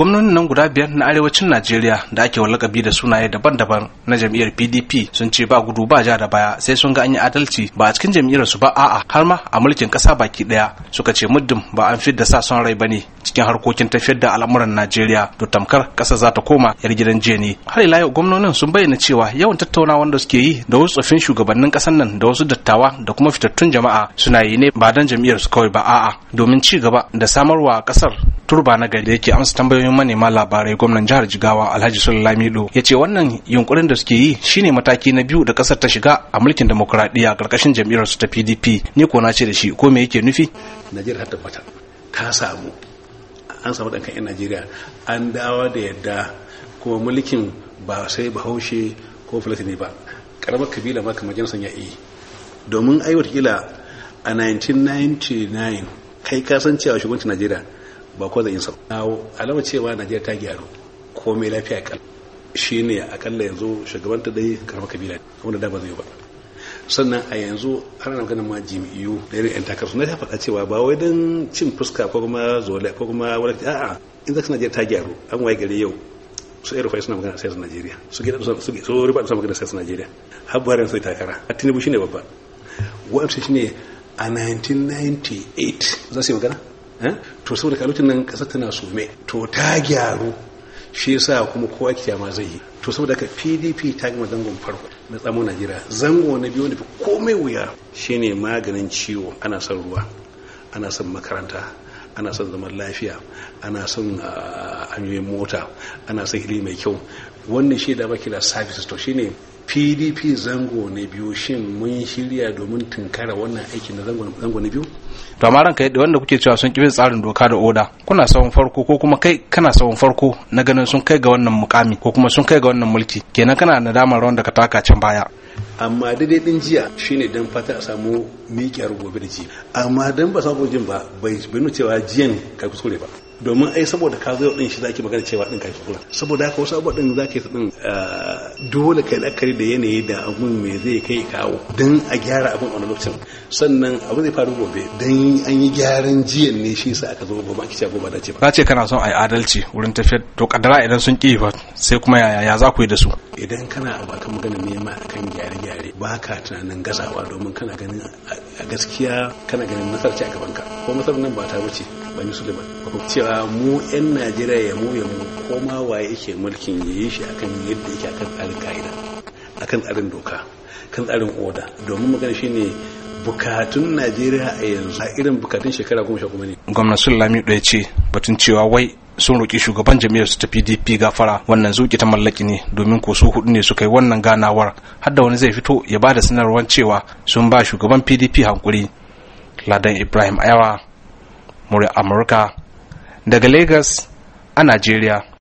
gwamnonin nan guda biyar na arewacin najeriya da ake lakabi da sunaye daban-daban na jam'iyyar pdp sun ce ba gudu ba ja da baya sai sun ga an yi adalci ba a cikin jam'iyyar su ba a'a har ma a mulkin kasa baki daya suka ce muddin ba an da sa son rai ba ne. cikin harkokin tafiyar da al'amuran Najeriya to tamkar ƙasa za ta koma yar gidan jiya ne. Har ila yau gwamnonin sun bayyana cewa yawan tattaunawa da suke yi da wasu tsofin shugabannin ƙasar nan da wasu dattawa da kuma fitattun jama'a suna yi ne ba dan jam'iyyar su kawai ba a'a domin ci gaba da samarwa ƙasar turba na gari da yake amsa tambayoyin manema labarai gwamnan jihar Jigawa Alhaji Sulalami Lamido ya ce wannan yunkurin da suke yi shine mataki na biyu da ƙasar ta shiga a mulkin demokuraɗiyya ƙarƙashin jam'iyyar su ta PDP ni ko na ce da shi ko me yake nufi? Najeriya ta tabbata ka samu an samu ɗan kan 'yan najeriya an dawa da yadda kuma mulkin ba sai bahaushe ko fulatini ba ƙaramar kabila ma kamar jinsan ya yi domin ai watakila a 1999 kai kasan cewa shugabancin najeriya ba ko zai yin sa alama cewa najeriya ta gyaru komai lafiya kal shine akalla yanzu shugabanta dai karamar kabila wanda da ba zai ba sannan a yanzu har ana maganin ma jimiyu da irin yan takarsu na ta faɗa cewa ba wai don cin fuska ko kuma zola ko kuma wani a'a in zaka najeriya ta gyaru an waye gari yau su irin fai suna magana sai su najeriya su gida su gida su riba suna magana sai su najeriya har buhari sai takara a tinubu shine babba wa'amsa shine a 1998 za su yi magana eh? to saboda kalutun nan kasar tana sume to ta gyaru shi yasa kuma kowa ma zai yi to saboda ka pdp ta gama zangon farko na tsamo najeriya zango na biyu wanda komai wuya shine maganin ciwo ana son ruwa ana son makaranta ana son zaman lafiya ana son hanyoyin ah, mota ana son hili mai kyau wannan shi da kira services to shine pdp zango na biyu shin mun shirya domin tunkara wannan aikin na zango na biyu to amma ranka yadda wanda kuke cewa sun kibin tsarin doka da oda kuna sawun farko ko kuma kai kana sawun farko na ganin sun kai ga wannan mukami ko kuma sun kai ga wannan mulki kenan kana nadamar rawan da ka taka can baya amma daidai din jiya shine dan fata a samu miƙiyar gobe da ji amma dan ba sa jin ba bai nuna cewa jiyan ka kuskure ba domin ai saboda ka zo din shi zaki magana cewa din kai kula saboda haka wasu abubuwa din zaki ah, din dole kai la'akari da yanayi da abun me zai kai kawo dan a gyara abun wannan lokacin sannan abu zai faru gobe dan an yi gyaran jiyan ne shi sa aka zo gobe aka ce gobe da ce ba ce kana son ai adalci wurin tafiyar to kaddara idan sun ki fa sai kuma yaya ya za ku yi da su idan kana ba akan magana nema akan gyare-gyare ba ka tunanin gazawa domin kana ganin a gaskiya kana ganin nasarci a gabanka ko masarar nan ba ta wuce bani suleiman cewa mu yan najeriya ya mu ya mu koma waye yake mulkin ya yi shi akan yadda yake akan tsarin ka'ida akan tsarin doka kan tsarin oda domin magana ne bukatun najeriya a yanzu a irin bukatun shekara goma sha kuma ne gwamnan sulami ɗaya ce batun cewa wai sun roƙi shugaban jami'ar su ta pdp gafara wannan zuƙi ta mallaki ne domin ko su hudu ne suka yi wannan ganawar har da wani zai fito ya ba da sanarwar cewa sun ba shugaban pdp hankuri ladan ibrahim ayawa Muri amurka daga lagos a najeriya